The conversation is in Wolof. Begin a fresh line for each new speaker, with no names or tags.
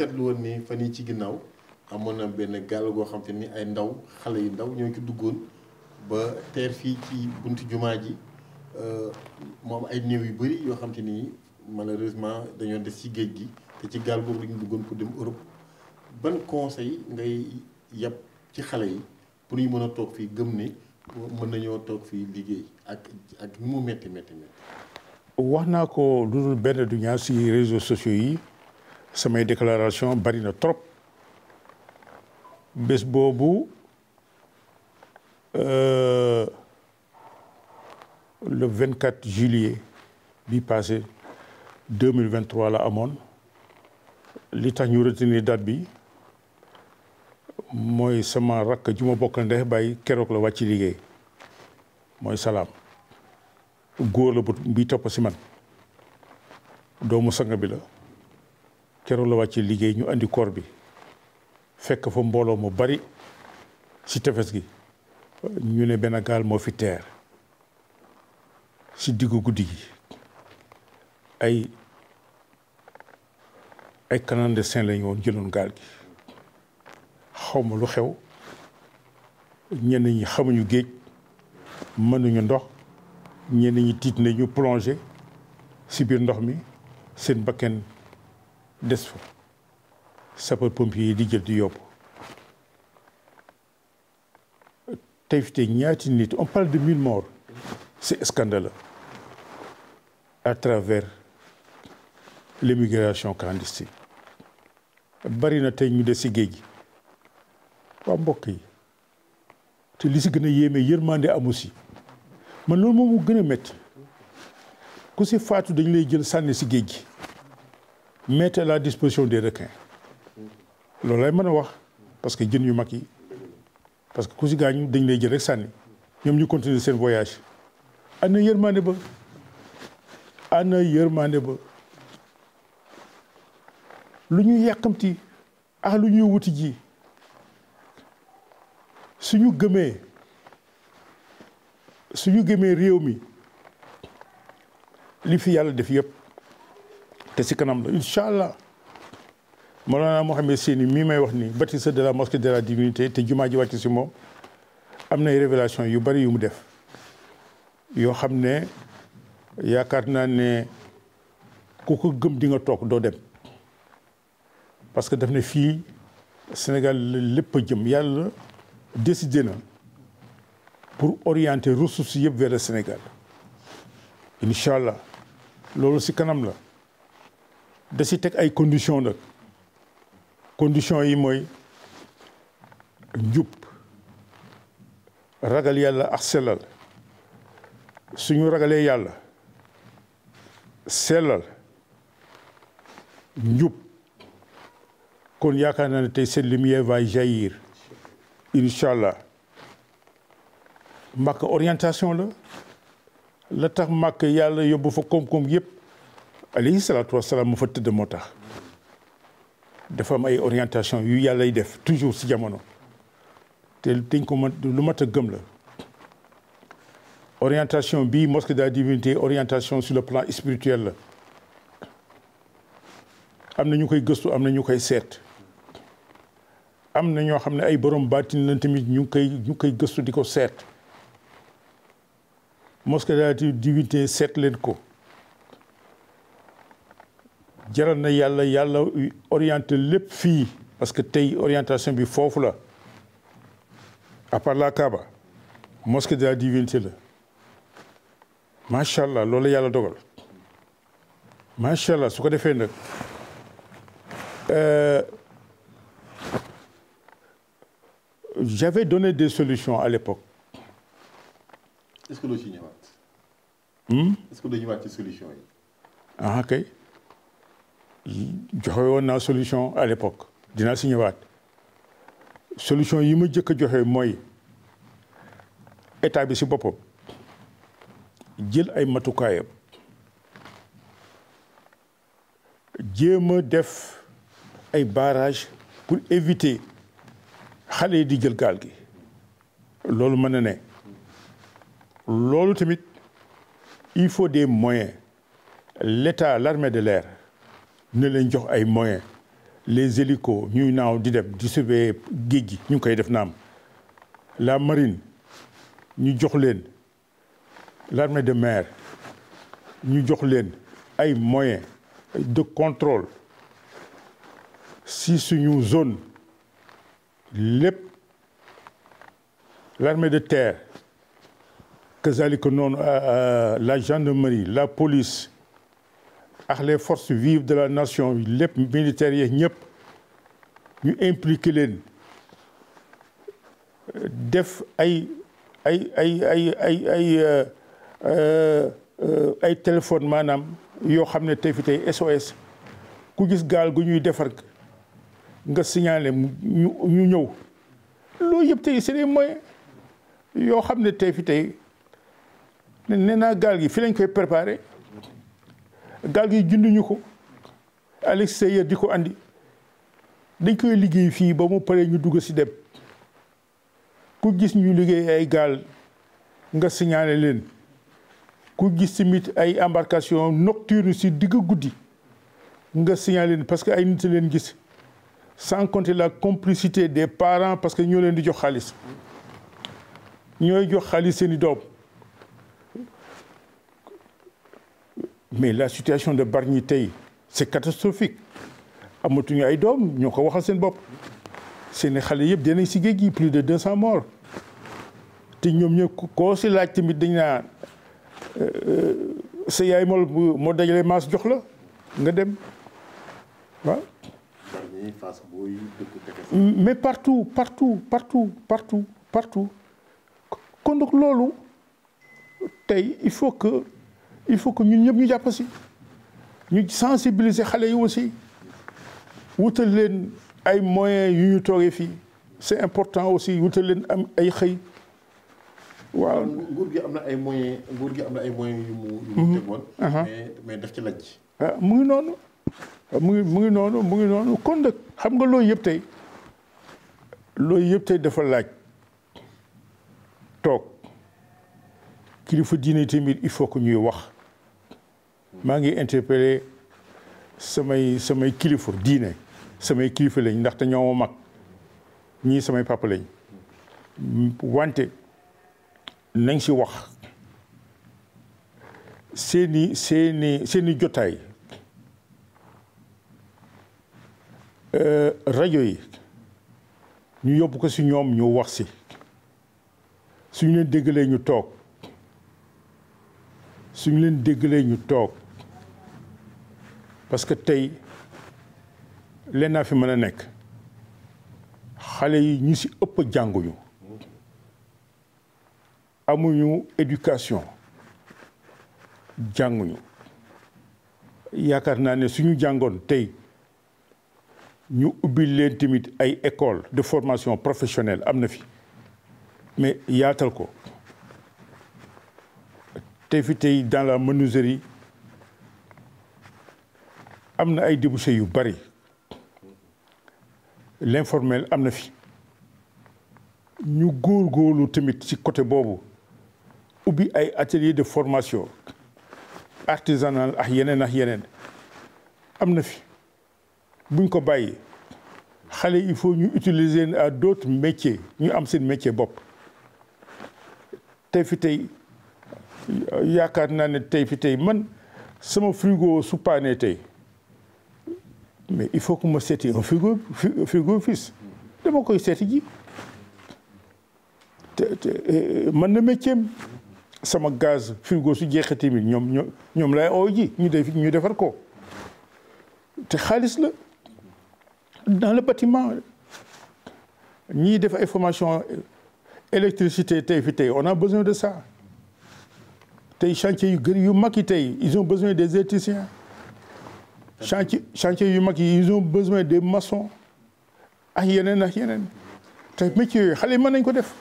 seetlu woon ni fan yii ci ginnaaw amoon na benn gàll goo xam te ni ay ndaw xale yu ndaw ñoo ci duggoon ba teer fii ci buntu jumaa ji euh, mu am ay néew yu bëri yoo xam te ni malheureusement dañoo def ci géej gi te ci gaal boobu lañu duggoon pour dem Europe ban conseil ngay yab ci xale yi pour ñu mën a toog fii gëm ne mën nañoo toog fii liggéey ak ak ni mu métti métti métti. wax naa ko lu dul benn du ñaar si réseaux sociaux yi. samay déclaration bari na trop bés boobu euh, le 24 juillet bi passé 2023 la amoon li tax ñu retenir date bi mooy sama rakk ju ma ndex bàyyi keroog la wàcc liggéey mooy salaam góor la bu bi topp si man doomu sang bi la keroog la wàcce liggéey ñu indi koor bi fekk fa mbooloo mu bari ci tefes gi ñu ne benn gaal moo fi teer ci diggu guddi gi ay ay clandestin lañu woon jëloon gaal gi xawma lu xew ñenn ñi xamuñu géej mënuñu ndox ñenn ñi tiit nañu plongé ci biir ndox mi seen bakken des fa sapeur pompier yi di jël di yóbbu tey fi te ñaati nit on parle de mille morts c'est scandaleux à travers l'immigration clandestine bari na tey ñu des ci géej gi waa mbokk yi te li si gën a yéeme yërmande amu si man loolu moom mu gën a métti ku si faatu dañu lay jël sànni si géej gi mettez à la disposition des requins loolu lay mën a wax parce que jën yu mag yi parce que ku si gaañu dañ lay jël rek sànni ñoom ñu continuer seen voyage ana yërmande ba ana yërmande ba lu ñuy yàqamti ah lu ñuy wuti ji suñu gëmee suñu gëmee réew mi li fi yàlla def yëpp te si kanam la incha allah Mawlana Mouhamed Seyni mii may wax nii bâtisseur de la mosquée de la divinité te jumaa ji wàcc si moom am na nay révélation yu bari yu mu def yoo xam ne yaakaar naa ne ku ko gëm di nga toog doo dem parce que def ne fii Sénégal lépp a jëm yàlla décidé na pour orienter ressources yëpp vers le Sénégal incha loolu si kanam la da si teg ay conditions nag conditions yi mooy njub ragal yàlla ak sellal suñu ragalee yàlla sellal njub kon yaakaar naa ne tey seen lumière va jaillir incha allah màkk orientation la la tax màkk yàlla yóbbu fa koom-koom yëpp alayhi salaatu wasalaam mu fa tëdd moo tax dafa am ay orientation yu yàlla lay def toujours si jamono te dañ ko mën gëm la orientation bii mosquée daa la divinité orientation sur le plan la am na koy gëstu am na ñu koy seet am na ñoo xam ne ay borom baatin lañ tamit ñu koy ñu koy gëstu di ko seet mosquée de la divinité seet leen ko jaral na yàlla yàlla orienté lépp fii parce que tey orientation bi foofu la apar part la Kaaba mosquée de la divinité la macha allah loolu yàlla dogal macha allah su ko defee nag euh, j'avais donné des solutions à l'époque est-ce que doo ci ñëwaat. Hmm? Ah, kay. joxe woon naa solution à l'époque dinaa si ñëwaat solution yi ma jëkk a joxe mooy état bi si boppam jël ay matukaayam jéem a def ay barrage pour éviter xale yi di jël gaal gi loolu mën na ne loolu tamit il faut de moyens l'état l'armée de leer ne leen jox ay moyens les hélicos ñuy naaw di dem di surveiller géej gi ñu koy def naam la marine ñu jox leen l'armée de mer ñu jox leen ay moyens de contrôle si suñu zone lépp l'armée de terre kazalika noonu euh, euh, la gendarmerie la police ak les force vives de la nation lépp militaires yeeg ñëpp ñu impliqué leen def ay ay ay ay ay ay euh, euh, ay téléphone maanaam yoo xam ne tey fi tey SOS ku gis gaal gu ñuy defar nga signalé ñu ñëw loolu yëpp tey c'est des moyens yoo xam ne tey fi tey nee gaal gi fi lañ koy préparé gaal gi junduñu ko à l'extérieur di ko andi dañ koy liggéey fii ba mu paree ñu dugg si dem ku gis ñu liggéey ay gaal nga signalé leen ku gis tamit ay embarcation nocturne si digg guddi nga signalé leen parce que ay nit leen gis sans la complicité des parent parce que ñoo leen di jox xaalis ñooy jox xaalis seeni doom mais la situation de Bargny tey c' est catastrophique amatuñu ay doom ñoo ko waxal seen bopp seeni xale yëpp dinañ si géej gi plus de deux cent morts te ñoom ñoo koo si laaj tamit dañ naa euh, sa yaay mool moo dajale maas jox la nga dem waaw. mais partout partout partout partout kon donc loolu tey il faut que. il faut que ñu ñëpp ñu jàpp si ñu sensibiliser xale yi aussi wutal leen ay moyen yu ñu toogee fii c'est important aussi wutal leen am ay xëy. waaw na ay moyens nguur gi am na ay moyens yu mu. yu mhm. uh-huh. mais mais ci lajj. Ah, mu ngi noonu mu ngi mu noonu mu ngi noonu kon nag xam nga loolu yëpp tey loolu yëpp tey dafa laaj toog. kilifa diine tamit il faut que ñuy wax maa ngi interpellé samay samay kilifa diine samay kilifa lañ ndaxte ñoo mag ñii samay papa wante nañ si wax seeni seeni seeni jotaay euh, rajo yi ñu yóbbu ko si ñoom ñu wax si suñu leen déggalee ñu toog suñu leen déggalee ñu toog parce que tey lenn a fi mën a nekk xale yi ñu si ëpp jànguñu amuñu éducation jànguñu yaakaar naa ne suñu jàngoon tey ñu ubbi leen tamit ay école de formation professionnelle am na fi mais yaatal ko TFT tey dans la menuiserie am na ay débouchés yu bari l'informel am na fi ñu góorgóorlu tamit ci côté boobu ubbi ay atelier de formation artisanal ak yeneen ak yeneen am na fi buñ ko bàyyi xale il faut ñu utiliser à d'autres métiers ñu am seen métier bopp te fi tey yaakaar naa ne tey fi tey man sama frigo su paanee tey mais il faut que ma seeti un frigo frigo fils dama koy seeti ji te eh, man na métier sama gaz frigo su jeexee tamit ñoom ñoom ñoom lay oo ji ñu def ñu defar ko te xaalis la dans le bâtiment ñiy def information formation électricité tey fi tey on a besoin de ça tey chantier yu gën yu mag yi tey ils ont besoin des électriciens chantier chantier yu mag yi ils ont besoin des maçons ak yeneen ak yeneen te métier yooyu xale yi mën nañ ko def